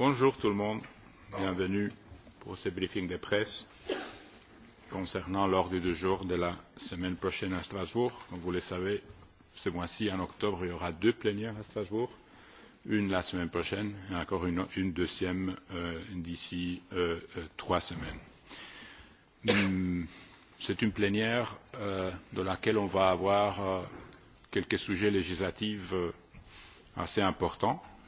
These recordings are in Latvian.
bonjour tout le monde bienvenue pour ce briefing de presse concernant l'ordre du jour de la semaine prochaine à strasbourg. comme vous le savez ce mois ci en octobre il y aura deux plénières à strasbourg une la semaine prochaine et encore une, une deuxième euh, d'ici euh, euh, trois semaines. Hmm. c'est une plénière euh, de laquelle on va avoir euh, quelques sujets législatifs euh, assez importants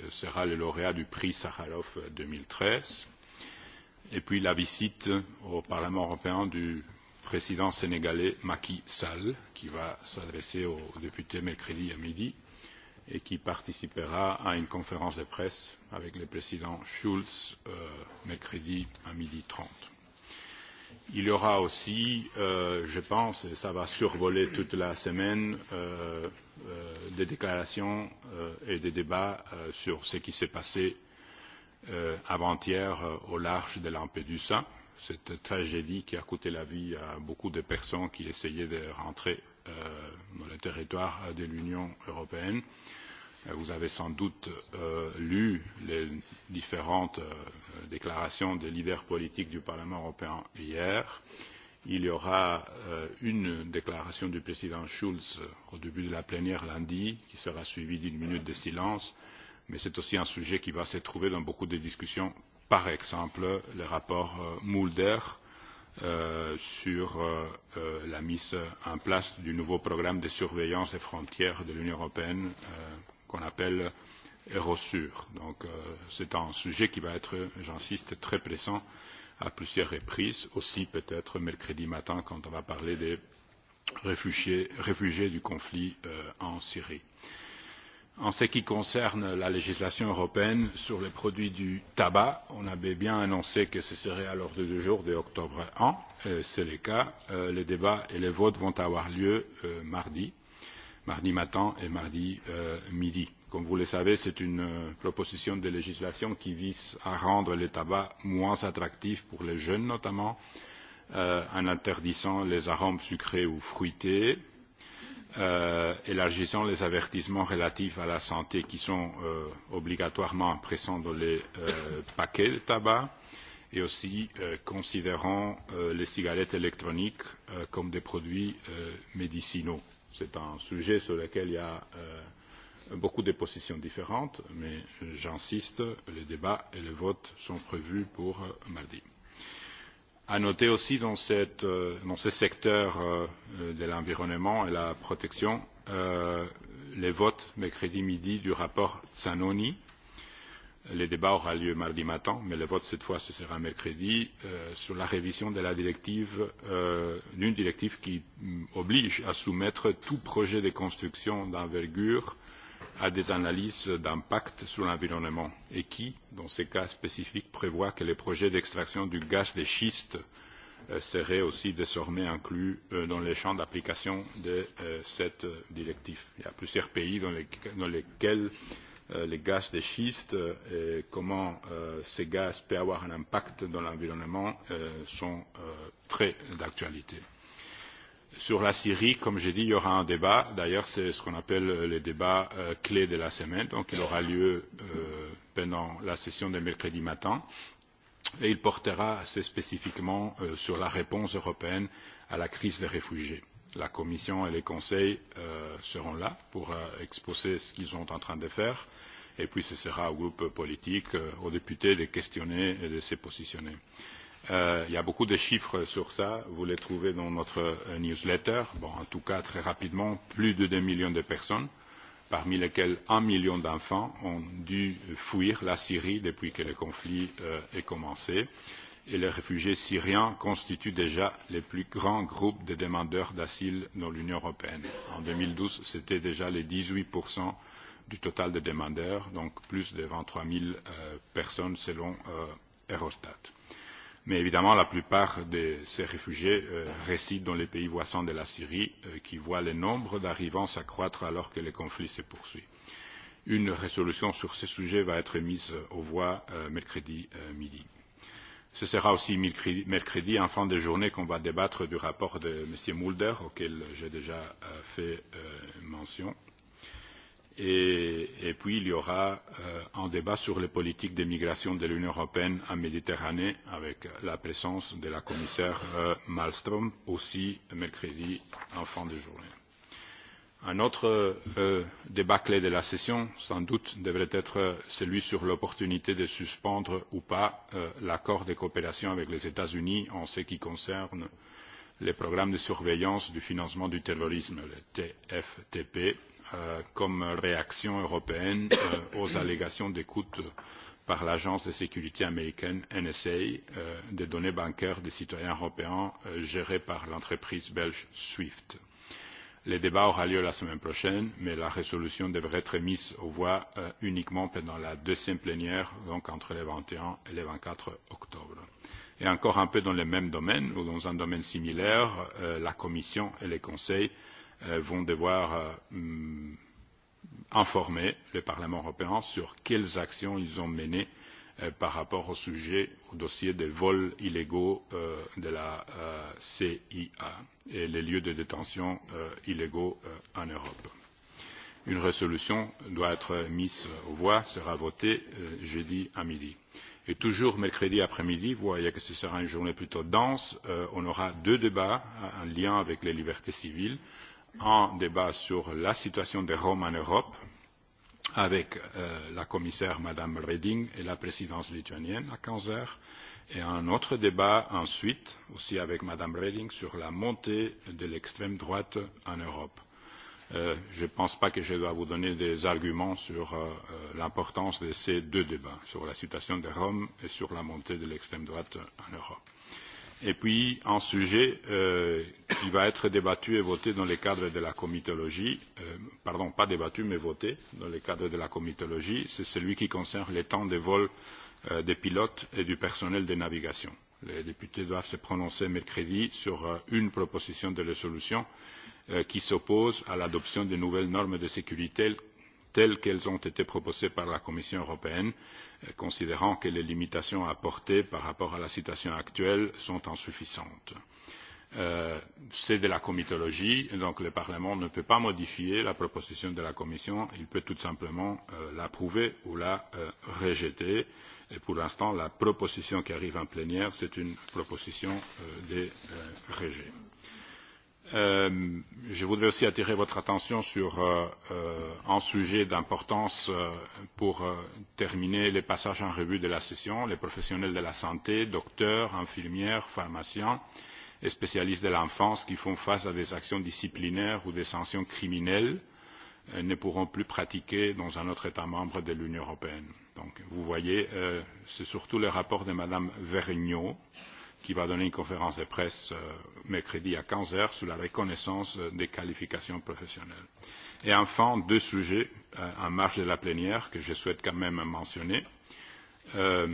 Euh, sera le lauréat du prix sakharov deux mille treize et puis la visite au parlement européen du président sénégalais macky sall qui va s'adresser aux députés mercredi à midi et qui participera à une conférence de presse avec le président schulz euh, mercredi à midi trente Il y aura aussi, euh, je pense, et ça va survoler toute la semaine, euh, euh, des déclarations euh, et des débats euh, sur ce qui s'est passé euh, avant-hier euh, au large de Lampedusa, cette tragédie qui a coûté la vie à beaucoup de personnes qui essayaient de rentrer euh, dans le territoire de l'Union européenne. Euh, Euh, vous avez sans doute euh, lu les différentes euh, déclarations des leaders politiques du Parlement européen hier. Il y aura euh, une déclaration du président Schulz euh, au début de la plénière lundi, qui sera suivie d'une minute de silence, mais c'est aussi un sujet qui va se trouver dans beaucoup de discussions, par exemple le rapport euh, Mulder euh, sur euh, euh la mise en place du nouveau programme de surveillance des frontières de l'Union européenne euh, qu'on appelle Erosur. Donc euh, c'est un sujet qui va être, j'insiste, très pressant à plusieurs reprises, aussi peut-être mercredi matin quand on va parler des réfugiés, réfugiés du conflit euh, en Syrie. En ce qui concerne la législation européenne sur les produits du tabac, on avait bien annoncé que ce serait à l'ordre du jour de octobre 1, c'est le cas. Euh, les débats et les votes vont avoir lieu euh, mardi. Euh, mardi matin et mardi euh, midi. Comme vous le savez, c'est une euh, proposition de législation qui vise à rendre le tabac moins attractif pour les jeunes notamment, euh, en interdisant les arômes sucrés ou fruités, euh, élargissant les avertissements relatifs à la santé qui sont euh, obligatoirement présents dans les euh, paquets de tabac et aussi euh, considérant euh, les cigarettes électroniques euh, comme des produits euh, médicinaux. Euh, c'est un sujet sur lequel il y a euh, beaucoup de positions différentes mais j'insiste le débat et le vote sont prévus pour euh, mardi. à noter aussi dans, cette, euh, dans ce secteur de l'environnement et de la protection les votes mercredi midi du rapport zanoni le débat aura lieu mardi matin mais le vote cette fois ce sera mercredi euh, sur la révision de la directive euh, d'une directive qui mm, oblige à soumettre tout projet de construction d'envergure à des analyses d'impact sur l'environnement et qui dans ces cas spécifiques prévoit que les projets d'extraction du gaz de schiste euh, seraient aussi désormais inclus euh, dans le champ d'application de euh, cette directive. il y a plusieurs pays dans, les, dans lesquels euh, Euh, les gaz de schiste euh, et comment euh, ces gaz peuvent avoir un impact dans l'environnement sont très d'actualité. Sur la Syrie, comme j'ai dit, il y aura un débat. D'ailleurs, c'est ce qu'on appelle le débat clé de la semaine. Donc, il aura lieu pendant la session de mercredi matin. Et il portera assez spécifiquement sur la réponse européenne à la crise des réfugiés la Commission et le Conseil euh, seront là pour euh, exposer ce qu'ils sont en train de faire. Et puis, ce sera au groupe politique, euh, aux députés de questionner et de se positionner. Euh, il y a beaucoup de chiffres sur ça. Vous les trouvez dans notre euh, newsletter. Bon, en tout cas, très rapidement, plus de 2 millions de personnes, parmi lesquelles 1 million d'enfants ont dû fuir la Syrie depuis que le conflit euh, est commencé. Euh, et les réfugiés syriens constituent déjà le plus grand groupe de demandeurs d'asile dans l'union européenne. en deux mille douze c'étaient déjà les dix huit du total des demandeurs donc plus de vingt trois zéro euh, personnes selon euh, eurostat. mais évidemment la plupart de ces réfugiés euh, résident dans les pays voisins de la syrie qui voient le nombre d'arrivants s'accroître alors que le conflit se poursuit. une résolution sur ce sujet va être mise aux voix mercredi midi ce sera aussi mercredi en fin de journée qu'on va débattre du rapport de m. mulder auquel j'ai déjà euh, fait euh, mention et, et puis il y aura euh, un débat sur les politiques de migration de l'union européenne en méditerranée avec la présence de la commissaire euh, malmstrm aussi mercredi en fin de journée un autre euh, débat clé de la session sans doute devrait être euh, celui sur l'opportunité de suspendre ou pas euh, l'accord de coopération avec les états unis en ce qui concerne le programme de surveillance du financement du terrorisme le tftp euh, comme réaction européenne euh, aux allégations d'écoute par l'agence de sécurité américaine nsa euh, des données bancaires des citoyens européens gérées par l'entreprise belge swift Le débat aura lieu la semaine prochaine, mais la résolution devrait être mise aux voix euh, uniquement pendant la deuxième plénière, donc entre le 21 et le 24 octobre. Et encore un peu dans le même domaine ou dans un domaine similaire, euh, la Commission et les conseils euh, vont devoir euh, informer le Parlement européen sur quelles actions ils ont menées euh, Euh, par rapport au sujet au dossier des vols illégaux euh, de la euh, CIA et les lieux de détention euh, illégaux euh, en Europe. Une résolution doit être mise aux voix, sera votée euh, jeudi à midi. Et toujours mercredi après-midi, vous voyez que ce sera une journée plutôt dense, euh, on aura deux débats en lien avec les libertés civiles. Un débat sur la situation des Roms en Europe, avec euh, la commissaire Madame Reding et la présidence lituanienne à 15 heures, et un autre débat ensuite, aussi avec Madame Reding, sur la montée de l'extrême droite en Europe. Euh, je ne pense pas que je dois vous donner des arguments sur euh, euh l'importance de ces deux débats, sur la situation de Rome et sur la montée de l'extrême droite en Europe et puis un sujet euh, qui va être débattu et voté dans le cadre de la comitologie euh, pardon pas débattu mais voté dans le cadre de la comitologie c'est celui qui concerne les temps de vol euh, des pilotes et du personnel de navigation. Les députés doivent se prononcer mercredi sur euh, une proposition de résolution euh, qui s'oppose à l'adoption de nouvelles normes de sécurité telles qu'elles ont été proposées par la Commission européenne, euh, considérant que les limitations apportées par rapport à la situation actuelle sont insuffisantes. Euh, C'est de la comitologie, donc le Parlement ne peut pas modifier la proposition de la Commission, il peut tout simplement euh, l'approuver ou la euh, rejeter. Et pour l'instant, la proposition qui arrive en plénière, c'est une proposition euh, des euh, régimes Euh, je voudrais aussi attirer votre attention sur euh, euh, un sujet d'importance euh, pour euh, terminer les passages en revue de la session les professionnels de la santé docteurs infirmières pharmaciens et spécialistes de l'enfance qui font face à des actions disciplinaires ou des sanctions criminelles euh, ne pourront plus pratiquer dans un autre état membre de l'union européenne. Donc, vous voyez c'est surtout le rapport de mme vergnaud qui qui va donner une conférence de presse euh, mercredi à quinze heures sur la reconnaissance euh, des qualifications professionnelles. Et enfin, deux sujets euh, en marge de la plénière que je souhaite quand même mentionner. Euh,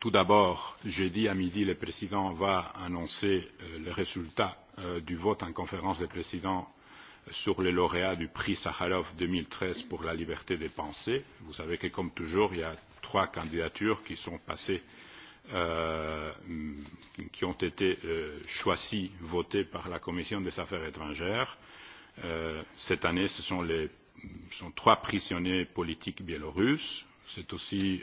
tout d'abord, jeudi à midi, le président va annoncer euh, les résultats euh, du vote en conférence des présidents sur les lauréats du prix Sakharov 2013 pour la liberté des pensées. Vous savez que, comme toujours, il y a trois candidatures qui sont passées euh, Euh, qui ont été euh, choisis votés par la commission des affaires étrangères. Euh, cette année ce sont les trois prisonniers politiques biélorusses c'est aussi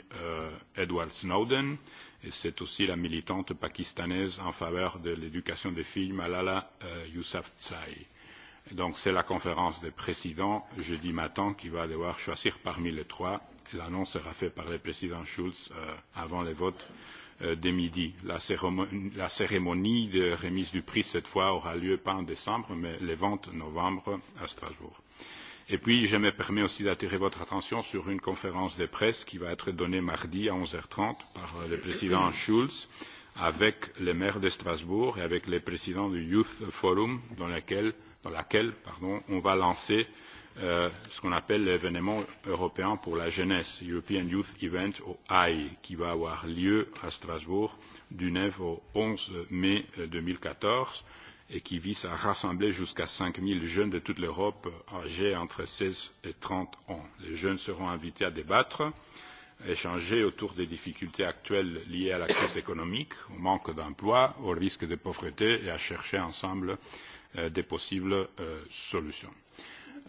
edward snowden et c'est aussi la militante pakistanaise en faveur de l'éducation des filles malala yousafzai. donc c'est la conférence des présidents jeudi matin qui va devoir choisir parmi les trois et l'annonce sera faite par le président schulz avant le vote Euh, de midi. La cérémonie, la cérémonie de remise du prix, cette fois, aura lieu pas en décembre, mais le 20 novembre à Strasbourg. Et puis, je me permets aussi d'attirer votre attention sur une conférence de presse qui va être donnée mardi à 11h30 par le président Schulz avec le maire de Strasbourg et avec le président du Youth Forum dans laquelle, dans laquelle pardon, on va lancer euh, Euh, ce qu'on appelle l'événement européen pour la jeunesse, European Youth Event au AI, qui va avoir lieu à Strasbourg du 9 au 11 mai 2014 euh, et qui vise à rassembler jusqu'à 5 000 jeunes de toute l'Europe âgés entre 16 et 30 ans. Les jeunes seront invités à débattre, à échanger autour des difficultés actuelles liées à la crise économique, au manque d'emploi, au risque de pauvreté et à chercher ensemble euh, des possibles euh, solutions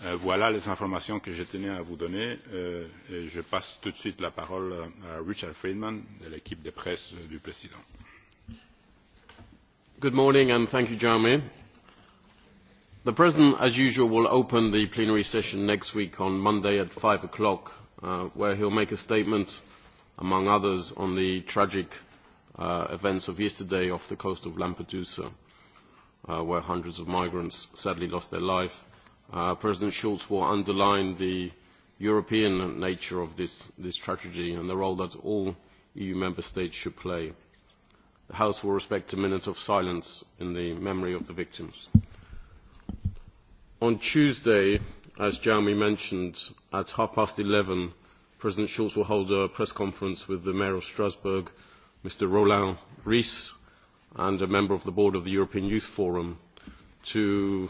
Euh, voilà les informations que je tenais à vous donner euh, et je passe tout de suite la parole à richard friedman de l'équipe de presse du président. good morning and thank you jeremy. the president as usual will open the plenary session next week on monday at five o'clock uh, where he'll make a statement among others on the tragic uh, events of yesterday off the coast of lampedusa uh, where hundreds of migrants sadly lost their life Uh, President Schulz will underline the European nature of this, this tragedy and the role that all EU member states should play. The House will respect a minute of silence in the memory of the victims. On Tuesday, as Jeremy mentioned, at half past 11, President Schulz will hold a press conference with the Mayor of Strasbourg, Mr. Roland Ries, and a member of the board of the European Youth Forum to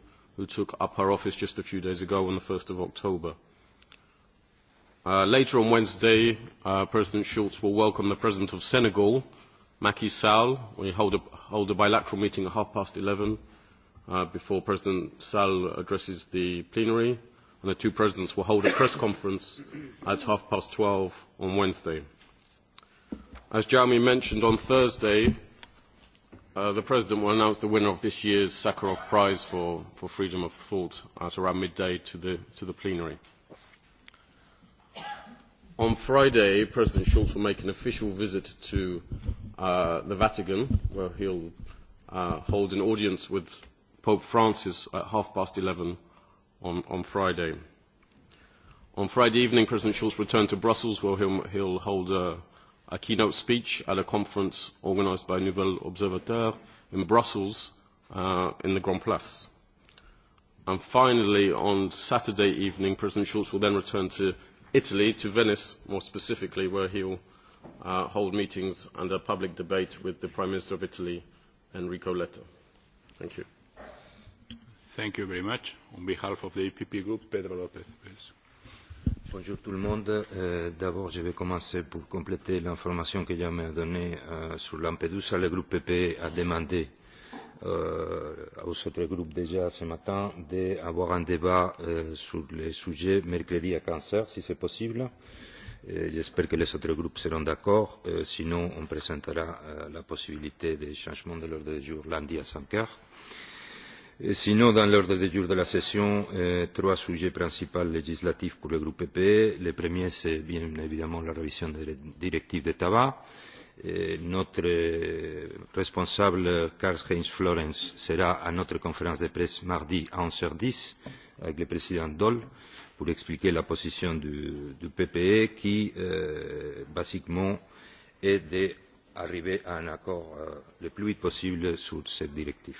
who took up her office just a few days ago on the 1st of October. Uh, later on Wednesday, uh, President Schultz will welcome the President of Senegal, Macky Sall. We hold a, hold a bilateral meeting at half past 11 uh, before President Sall addresses the plenary. And the two presidents will hold a press conference at half past 12 on Wednesday. As Jeremy mentioned, on Thursday, Uh, the President will announce the winner of this year's Sakharov Prize for, for Freedom of Thought at around midday to the, to the plenary. On Friday, President Schultz will make an official visit to uh, the Vatican, where he'll uh, hold an audience with Pope Francis at half past 11 on, on Friday. On Friday evening, President Schulz returned to Brussels, where he'll, he'll hold a a keynote speech at a conference organised by Nouvel Observateur in Brussels uh, in the Grand Place. And finally, on Saturday evening, President Schulz will then return to Italy, to Venice more specifically, where he'll uh, hold meetings and a public debate with the Prime Minister of Italy, Enrico Letta. Thank you. Thank you very much. On behalf of the EPP group, Pedro Lopez, please. Bonjour tout le monde. Euh, D'abord, je vais commencer pour compléter l'information que Yam a donnée euh, sur Lampedusa. Le groupe PPE a demandé euh, aux autres groupes déjà ce matin d'avoir un débat euh, sur les sujets mercredi à 15 heures, si c'est possible. Euh, J'espère que les autres groupes seront d'accord. Euh, sinon, on présentera euh, la possibilité des changements de l'ordre du jour lundi à 5 heures. Euh, Eh, sinon dans l'ordre du jour de la session eh, trois sujets principaux législatifs pour le groupe ppe. le premier c'est bien évidemment la révision de la directive sur le tabac. Eh, notre responsable karl heinz florenz sera à notre conférence de presse mardi à onze heures dix avec le président daul pour expliquer la position du, du ppe qui euh, basiquement est d'arriver à un accord euh, le plus vite possible sur cette directive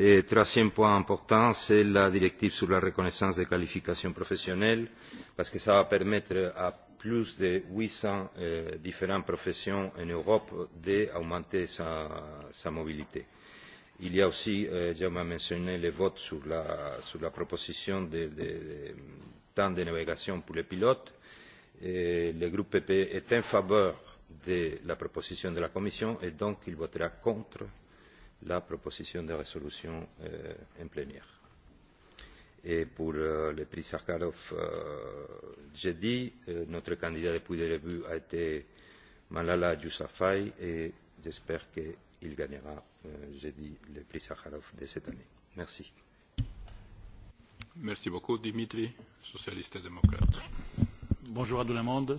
Et eh, troisième point important, c'est la directive sur la reconnaissance des qualifications professionnelles, parce que ça va permettre à plus de 800 euh, différentes professions en Europe d'augmenter sa, sa mobilité. Il y a aussi, euh, Jaume a mentionné le vote sur la, sur la proposition de, de, de temps de navigation pour les pilotes. Et le groupe PP e est en faveur de la proposition de la Commission et donc il votera contre euh, la proposition de résolution euh, en plénière. Et eh, pour euh, le prix Sakharov, euh, j'ai dit, euh, notre candidat depuis le début a été Malala Yousafzai et j'espère qu'il gagnera, euh, j'ai dit, le prix Sakharov de cette année. Merci. Merci beaucoup, Dimitri, socialiste et démocrate. Bonjour à tout le monde. Euh,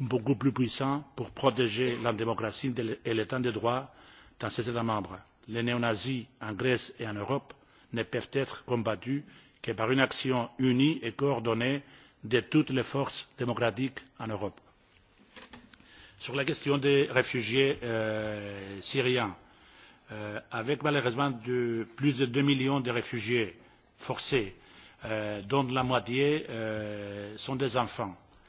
beaucoup plus puissants pour protéger la démocratie et l'état de droit dans ces états membres. les néo nazis en grèce et en europe ne peuvent être combattus que par une action unie et coordonnée de toutes les forces démocratiques en europe. sur la question des réfugiés euh, syriens euh, avec malheureusement de, plus de deux millions de réfugiés forcés euh, dont la moitié euh, sont des enfants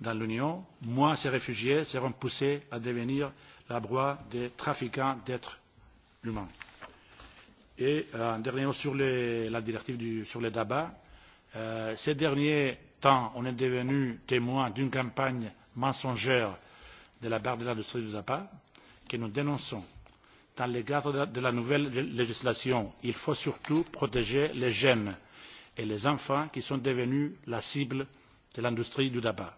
dans l'Union, moins ces réfugiés seront poussés à devenir la proie des trafiquants d'êtres humains. Et euh, en dernier mot sur les, la directive du, sur le tabac, euh, ces derniers temps, on est devenu témoin d'une campagne mensongère de la part de l'industrie du tabac que nous dénonçons. Dans le cadre de la nouvelle législation, il faut surtout protéger les jeunes et les enfants qui sont devenus la cible de l'industrie du tabac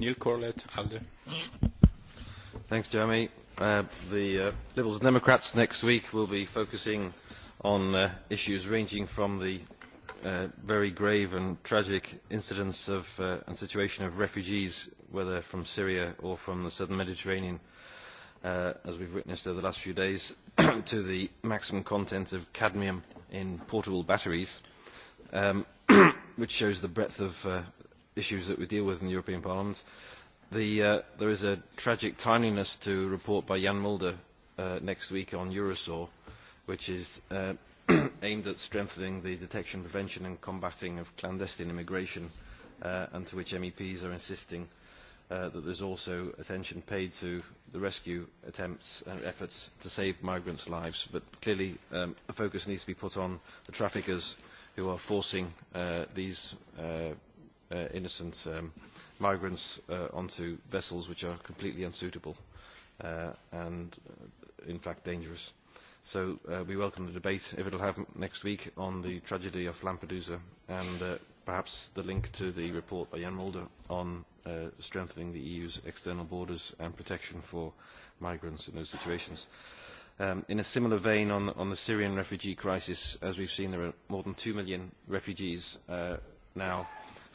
Neil Corlett, ALDE. Thanks, Jeremy. Uh, the uh, Liberals and Democrats next week will be focusing on uh, issues ranging from the uh, very grave and tragic incidents of, uh, and situation of refugees, whether from Syria or from the southern Mediterranean, uh, as we've witnessed over the last few days, to the maximum content of cadmium in portable batteries, um, which shows the breadth of uh, issues that we deal with in the European Parliament. The, uh, there is a tragic timeliness to a report by Jan Mulder uh, next week on Eurosor, which is uh, aimed at strengthening the detection, prevention and combating of clandestine immigration, uh, and to which MEPs are insisting uh, that there's also attention paid to the rescue attempts and efforts to save migrants' lives. But clearly um, a focus needs to be put on the traffickers who are forcing uh, these uh, uh, innocent um, migrants uh, onto vessels which are completely unsuitable uh, and, uh, in fact, dangerous. So uh, we welcome the debate, if it will happen next week, on the tragedy of Lampedusa and uh, perhaps the link to the report by Jan Mulder on uh, strengthening the EU's external borders and protection for migrants in those situations. Um, in a similar vein on, on the Syrian refugee crisis, as we've seen, there are more than 2 million refugees uh, now uh,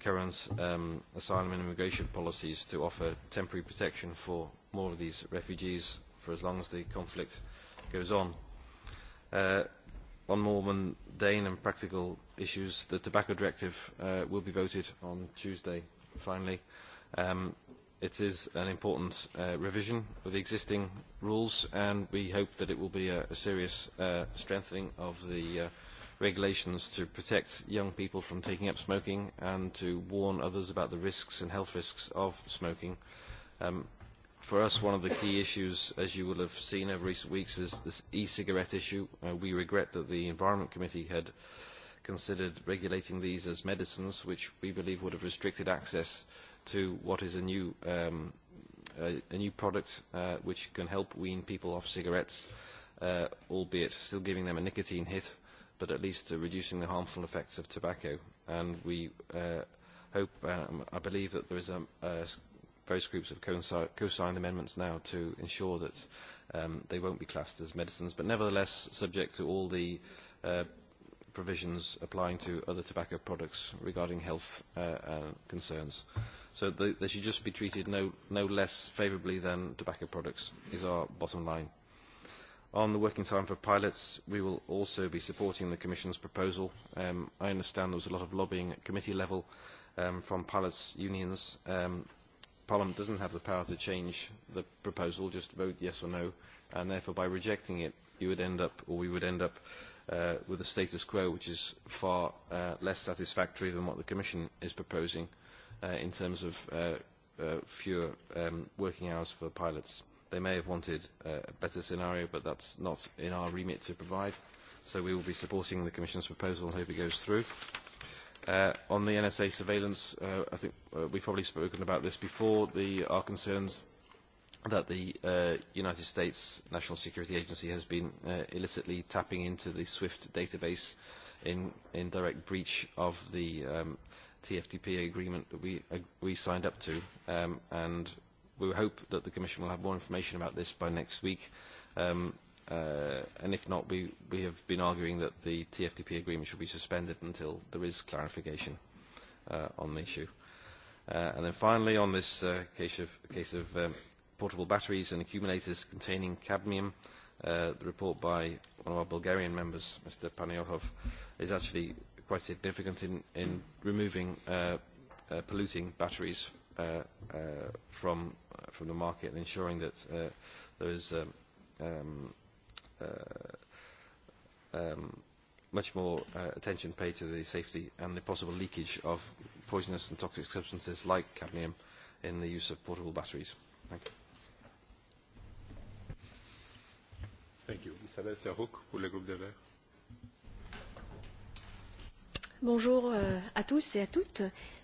current um, asylum and immigration policies to offer temporary protection for more of these refugees for as long as the conflict goes on. Uh, on more mundane and practical issues, the tobacco directive uh, will be voted on Tuesday, finally. Um, it is an important uh, revision of the existing rules, and we hope that it will be a, a serious uh, strengthening of the uh, regulations to protect young people from taking up smoking and to warn others about the risks and health risks of smoking. Um, for us, one of the key issues, as you will have seen over recent weeks, is this e-cigarette issue. Uh, we regret that the Environment Committee had considered regulating these as medicines, which we believe would have restricted access to what is a new, um, a, a new product uh, which can help wean people off cigarettes, uh, albeit still giving them a nicotine hit but at least uh, reducing the harmful effects of tobacco. And we uh, hope, um, I believe that there is a, uh, various groups have co-signed amendments now to ensure that um, they won't be classed as medicines, but nevertheless subject to all the uh, provisions applying to other tobacco products regarding health uh, uh, concerns. So they, they should just be treated no, no less favourably than tobacco products is our bottom line. On the working time for pilots, we will also be supporting the Commission's proposal. Um, I understand there was a lot of lobbying at committee level um, from pilots' unions. Um, Parliament doesn't have the power to change the proposal, just vote yes or no, and therefore by rejecting it, you would end up, or we would end up, uh, with a status quo which is far uh, less satisfactory than what the Commission is proposing uh, in terms of uh, uh, fewer um, working hours for pilots. They may have wanted uh, a better scenario, but that's not in our remit to provide. So we will be supporting the Commission's proposal and hope it goes through. Uh, on the NSA surveillance, uh, I think uh, we've probably spoken about this before. The, our concerns that the uh, United States National Security Agency has been uh, illicitly tapping into the SWIFT database in, in direct breach of the um, TFTP agreement that we, uh, we signed up to. Um, and we hope that the Commission will have more information about this by next week. Um, uh, and if not, we, we have been arguing that the TFTP agreement should be suspended until there is clarification uh, on the issue. Uh, and then finally, on this uh, case of, case of um, portable batteries and accumulators containing cadmium, uh, the report by one of our Bulgarian members, Mr. Paniotov, is actually quite significant in, in removing uh, uh, polluting batteries uh, uh, from, uh, from the market and ensuring that uh, there's um, um, uh, um, much more uh, attention paid to the safety and the possible leakage of poisonous and toxic substances like cadmium in the use of portable batteries. Thank you. Thank you. Isabelle Serrouk pour le groupe des Verts. Bonjour euh, à tous et à toutes.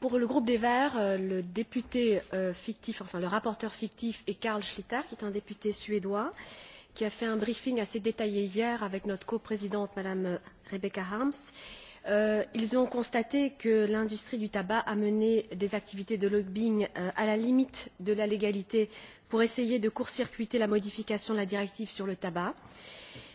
Pour le groupe des Verts, euh, le député euh, fictif, enfin le rapporteur fictif est Karl Schlitter, qui est un député suédois, qui a fait un briefing assez détaillé hier avec notre coprésidente, Madame Rebecca Harms. Euh, ils ont constaté que l'industrie du tabac a mené des activités de lobbying euh, à la limite de la légalité pour essayer de court-circuiter la modification de la directive sur le tabac. Euh,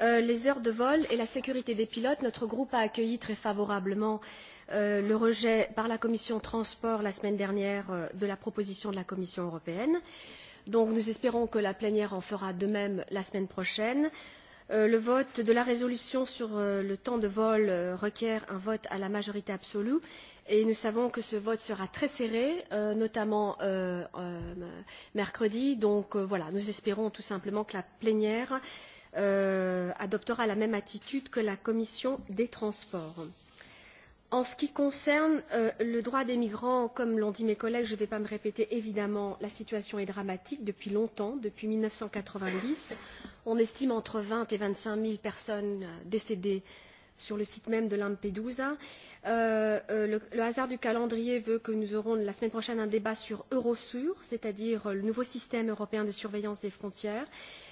Euh, les heures de vol et la sécurité des pilotes notre groupe a accueilli très favorablement euh, le rejet par la commission des transports la semaine dernière euh, de la proposition de la commission européenne. nous espérons que la plénière en fera de même la semaine prochaine. le vote de la résolution sur le temps de vol requiert un vote à la majorité absolue et nous savons que ce vote sera très serré notamment mercredi. nous espérons tout simplement que la plénière euh, adoptera la même attitude que la commission des transports. En ce qui concerne euh, le droit des migrants, comme l'ont dit mes collègues, je ne vais pas me répéter, évidemment, la situation est dramatique depuis longtemps, depuis 1990. On estime entre 20 et 25 000 personnes euh, décédées sur le site même de Lampedusa. Euh, euh, le, le hasard du calendrier veut que nous aurons la semaine prochaine un débat sur Eurosur, c'est-à-dire le nouveau système européen de surveillance des frontières. Euh,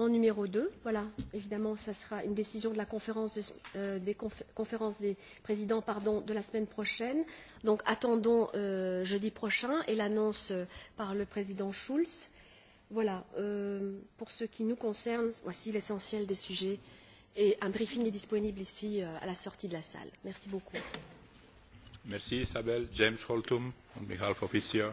en numéro 2. Voilà, évidemment, ça sera une décision de la conférence, de, euh, des, confé conférence des présidents pardon, de la semaine prochaine. Donc attendons euh, jeudi prochain et l'annonce euh, par le président Schulz. Voilà, euh, pour ce qui nous concerne, voici l'essentiel des sujets et un briefing est disponible ici euh, à la sortie de la salle. Merci beaucoup. Merci Isabelle. James Holtum, on behalf of ICR.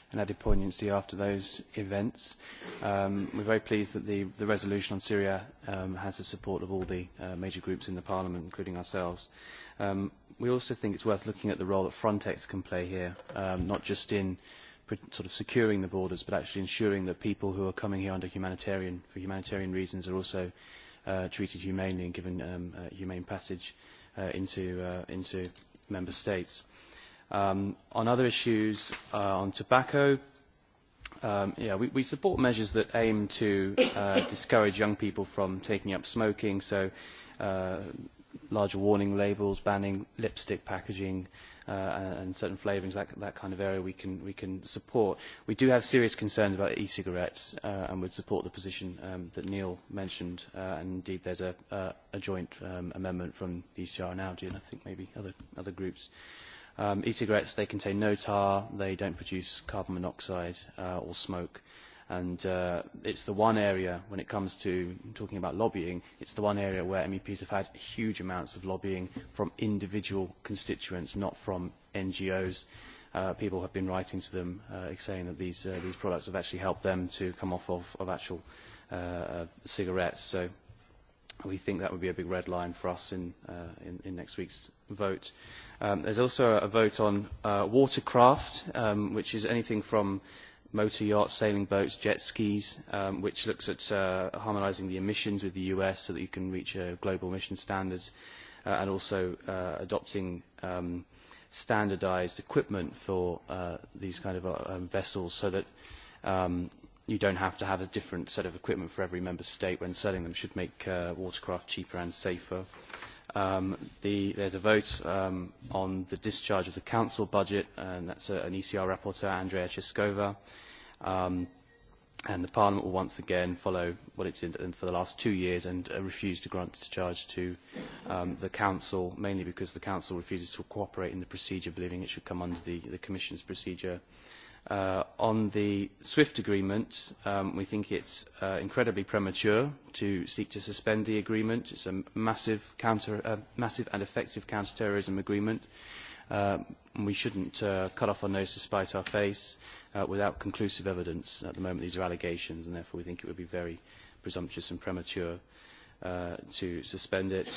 and added poignancy after those events. Um, we're very pleased that the, the resolution on Syria um, has the support of all the uh, major groups in the Parliament, including ourselves. Um, we also think it's worth looking at the role that Frontex can play here, um, not just in sort of securing the borders, but actually ensuring that people who are coming here under humanitarian, for humanitarian reasons are also uh, treated humanely and given um, uh, humane passage uh, into, uh, into member states. Um, on other issues, uh, on tobacco, um, yeah, we, we support measures that aim to uh, discourage young people from taking up smoking, so uh, larger warning labels, banning lipstick packaging uh, and certain flavourings, that, that kind of area we can, we can support. We do have serious concerns about e-cigarettes uh, and would support the position um, that Neil mentioned. Uh, and indeed, there's a, uh, a joint um, amendment from the ECR and Audi and I think maybe other, other groups. Uh, Um, E-cigarettes, they contain no tar, they don't produce carbon monoxide uh, or smoke. And uh, it's the one area, when it comes to talking about lobbying, it's the one area where MEPs have had huge amounts of lobbying from individual constituents, not from NGOs. Uh, people have been writing to them uh, saying that these, uh, these products have actually helped them to come off of, of actual uh, uh, cigarettes. So we think that would be a big red line for us in, uh, in, in next week's vote. Um, there's also a vote on uh, watercraft, um, which is anything from motor yachts, sailing boats, jet skis, um, which looks at uh, harmonising the emissions with the US so that you can reach uh, global emission standards, uh, and also uh, adopting um, standardised equipment for uh, these kind of uh, um, vessels so that um, you don't have to have a different set of equipment for every member state when selling them should make uh, watercraft cheaper and safer. Um, the, there's a vote um, on the discharge of the council budget, and that's a, an ECR rapporteur, Andrea Cheskova. Um, and the Parliament will once again follow what it did for the last two years and uh, refuse to grant discharge to um, the Council, mainly because the Council refuses to cooperate in the procedure, believing it should come under the, the Commission's procedure. Uh, Uh, on the SWIFT agreement, um, we think it's uh, incredibly premature to seek to suspend the agreement. It's a massive, counter, uh, massive and effective counterterrorism agreement. Uh, we shouldn't uh, cut off our nose to spite our face uh, without conclusive evidence. At the moment, these are allegations, and therefore we think it would be very presumptuous and premature. Uh, uh, to suspend it.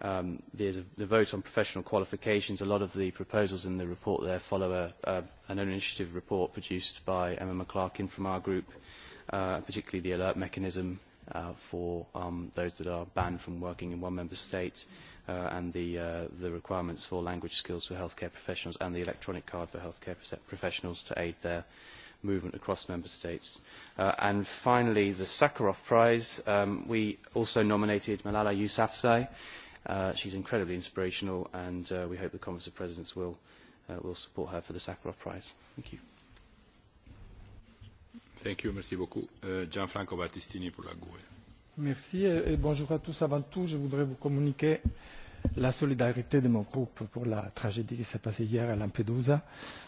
Um, there's a, the vote on professional qualifications. A lot of the proposals in the report there follow a, uh, an own initiative report produced by Emma McClarkin from our group, uh, particularly the alert mechanism uh, for um, those that are banned from working in one member state uh, and the, uh, the requirements for language skills for healthcare professionals and the electronic card for healthcare professionals to aid their uh, movement across member states. Uh, and finally, the Sakharov Prize. Um, we also nominated Malala Yousafzai. Uh, she's incredibly inspirational, and uh, we hope the Conference of Presidents will, uh, will support her for the Sakharov Prize. Thank you. Thank you, merci beaucoup. Uh, Gianfranco Battistini pour la GUE. Merci et, et bonjour à tous. Avant tout, je voudrais vous communiquer la solidarité de mon groupe pour la tragédie qui s'est passée hier à Lampedusa. Euh,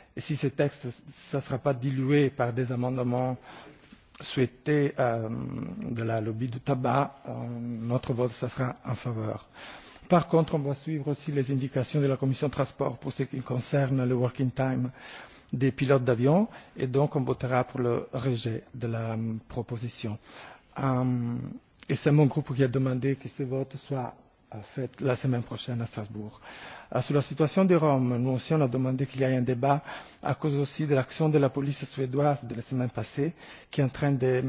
et si ce texte ne sera pas dilué par des amendements souhaités euh, de la lobby du tabac, euh, notre vote ça sera en faveur. Par contre, on va suivre aussi les indications de la Commission de transport pour ce qui concerne le working time des pilotes d'avion et donc on votera pour le rejet de la euh, proposition. Euh, et c'est mon groupe qui a demandé que ce vote soit faite la semaine prochaine à Strasbourg. Euh, sur la situation des Roms, nous aussi on a demandé qu'il y ait un débat à cause aussi de l'action de la police suédoise de la semaine passée qui est en train de euh,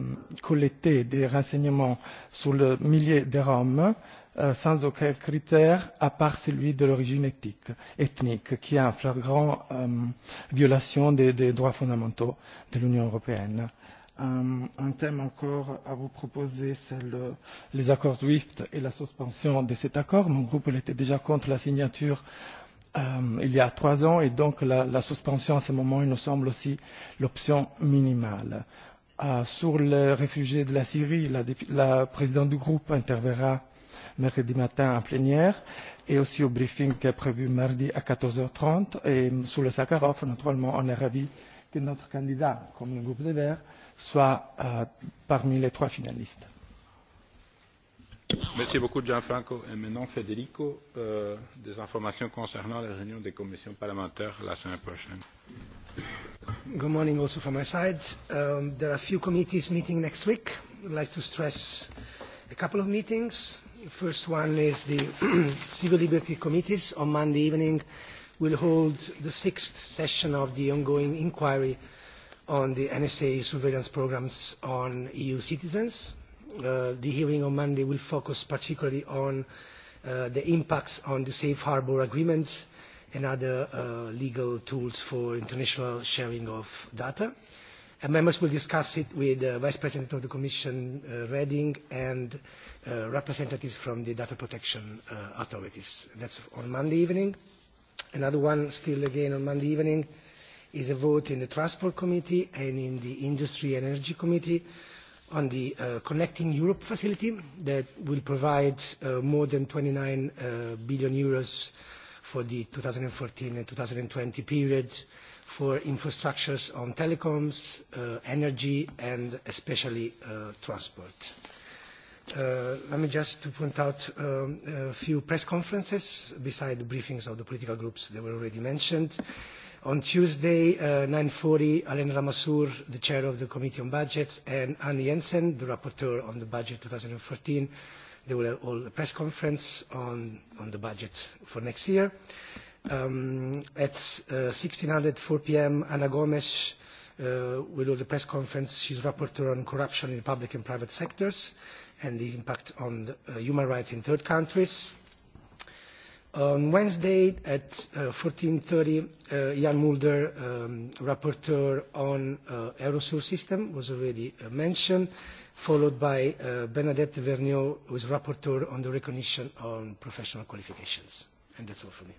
collecter des renseignements sur le millier de Roms euh, sans aucun critère à part celui de l'origine ethnique, ethnique qui est en flagrant euh, violation des, des droits fondamentaux de l'Union européenne. Euh, un, euh, un thème encore à vous proposer, c'est le, les accords SWIFT et la suspension de cet accord. Mon groupe il était déjà contre la signature euh, il y a trois ans et donc la, la suspension à ce moment il nous semble aussi l'option minimale. Euh, sur les réfugiés de la Syrie, la, la présidente du groupe interverra mercredi matin en plénière et aussi au briefing qui est prévu mardi à 14h30. Et sur le Sakharov, naturellement, on est ravis euh, que notre candidat, comme le groupe des Verts, soit euh, parmi les trois finalistes. Merci beaucoup Gianfranco. Et maintenant Federico, euh, des informations concernant la réunion des commissions parlementaires la semaine prochaine. Good morning also from my side. Um, there are a few committees meeting next week. I'd like to stress a couple of meetings. The first one is the Civil Liberty Committees on Monday evening will hold the sixth session of the ongoing inquiry on the NSA surveillance programs on EU citizens. Uh, the hearing on Monday will focus particularly on uh, the impacts on the safe harbour agreements and other uh, legal tools for international sharing of data. And members will discuss it with uh, Vice President of the Commission uh, Reading and uh, representatives from the data protection uh, authorities. That's on Monday evening. Uh, Another one, still again on Monday evening, is a vote in the Transport Committee and in the Industry and Energy Committee on the uh, Connecting Europe facility that will provide uh, more than 29 uh, billion euros for the 2014 and 2020 period for infrastructures on telecoms, uh, energy, and especially uh, transport. Uh, Uh, let me just to point out um, a few press conferences beside the briefings of the political groups that were already mentioned. On Tuesday, uh, 9.40, Alain Ramassour, the chair of the Committee on Budgets, and Anne Jensen, the rapporteur on the budget 2014, they will hold a press conference on, on the budget for next year. Um, at uh, 16.04 p.m., Ana Gomes uh, will hold a press conference. She's rapporteur on corruption in the public and private sectors and the impact on the, uh, human rights in third countries. On Wednesday at uh, 14.30, uh, Jan Mulder, um, rapporteur on uh, Aerosur system, was already uh, mentioned, followed by uh, Bernadette Vergniaud, who is rapporteur on the recognition on professional qualifications. And that's all for me.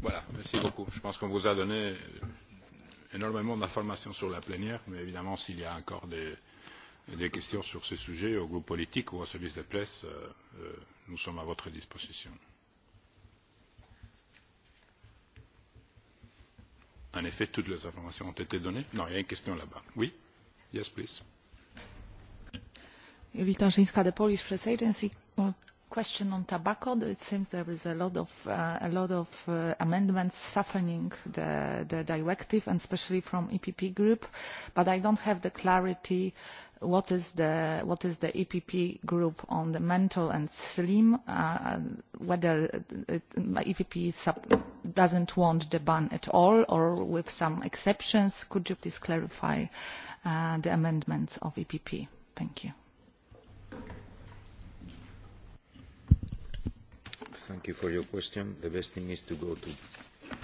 Voilà, merci beaucoup. Je pense qu'on vous a donné euh, énormément d'informations sur la plénière, mais évidemment, s'il y a encore des, euh, des questions sur ce sujet aux groupes politiques ou aux services de presse, euh, euh, nous sommes à votre disposition. En effet, toutes les informations ont été données. Non, il y a une question là-bas. Oui Yes, please. Witam Szyńska, the Polish Press Agency. Question on tobacco. It seems there is a lot of, uh, a lot of uh, amendments softening the, the directive, and especially from EPP group. But I don't have the clarity uh, what is the what is the EPP group on the mental and slim uh, uh whether it, uh, EPP sub doesn't want the ban at all or with some exceptions could you please clarify uh, the amendments of EPP thank you thank you for your question the best thing is to go to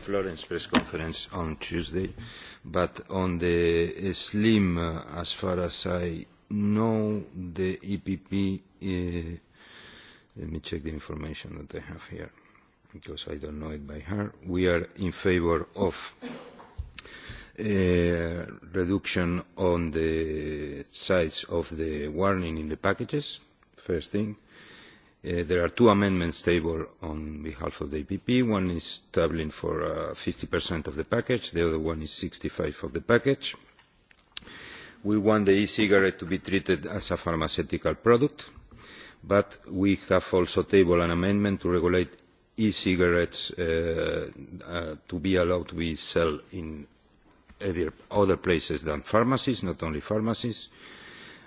Florence press conference on Tuesday, but on the uh, SLIM, uh, as far as I know, the EPP, uh, let me check the information that I have here, because I don't know it by heart. We are in favor of uh, reduction on the size of the warning in the packages, first thing. Uh, Uh, there are two amendments tabled on behalf of the EPP. One is tabling for uh, 50% of the package, the other one is 65% of the package. We want the e-cigarette to be treated as a pharmaceutical product, but we have also tabled an amendment to regulate e-cigarettes uh, uh, to be allowed to be sold in other places than pharmacies, not only pharmacies. Uh,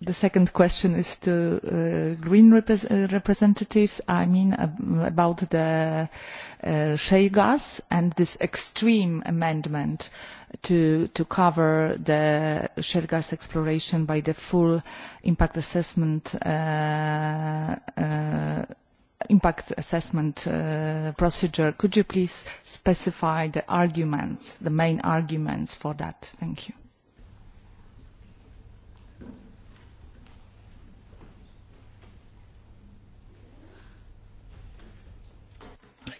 the second question is to uh, green repres uh, representatives i mean um, about the uh, shale gas and this extreme amendment to to cover the shale gas exploration by the full impact assessment uh, uh, impact assessment uh, procedure could you please specify the arguments the main arguments for that thank you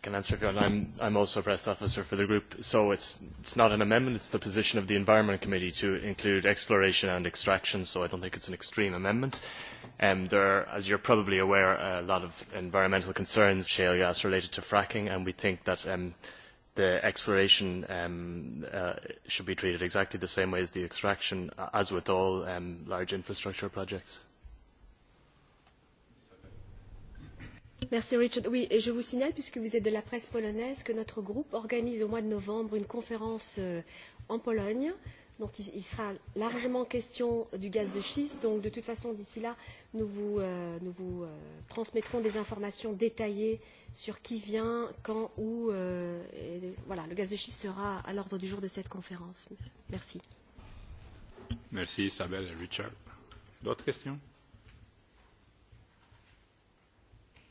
can answer if you want. I'm, I'm also a press officer for the group, so it's, it's not an amendment, it's the position of the Environment Committee to include exploration and extraction, so I don't think it's an extreme amendment. Um, there are, as you're probably aware, a lot of environmental concerns, shale gas related to fracking, and we think that um, the exploration um, uh, should be treated exactly the same way as the extraction, as with all um, large infrastructure projects. Merci Richard. Oui, et je vous signale, puisque vous êtes de la presse polonaise, que notre groupe organise au mois de novembre une conférence euh, en Pologne dont il, il sera largement question du gaz de schiste. Donc, de toute façon, d'ici là, nous vous, euh, nous vous euh, transmettrons des informations détaillées sur qui vient, quand, où. Euh, et, voilà, le gaz de schiste sera à l'ordre du jour de cette conférence. Merci. Merci Isabelle et Richard. D'autres questions